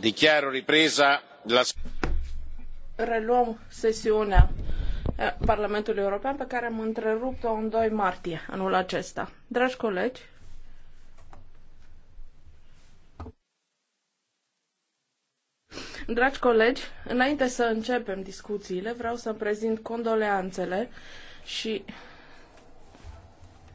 dichiaro ripresa la reluăm sesiunea eh, parlamentului european pe care am întrerupt o în 2 martie anul acesta. dragi colegi Dragi colegi, înainte să începem discuțiile, vreau să prezint condoleanțele și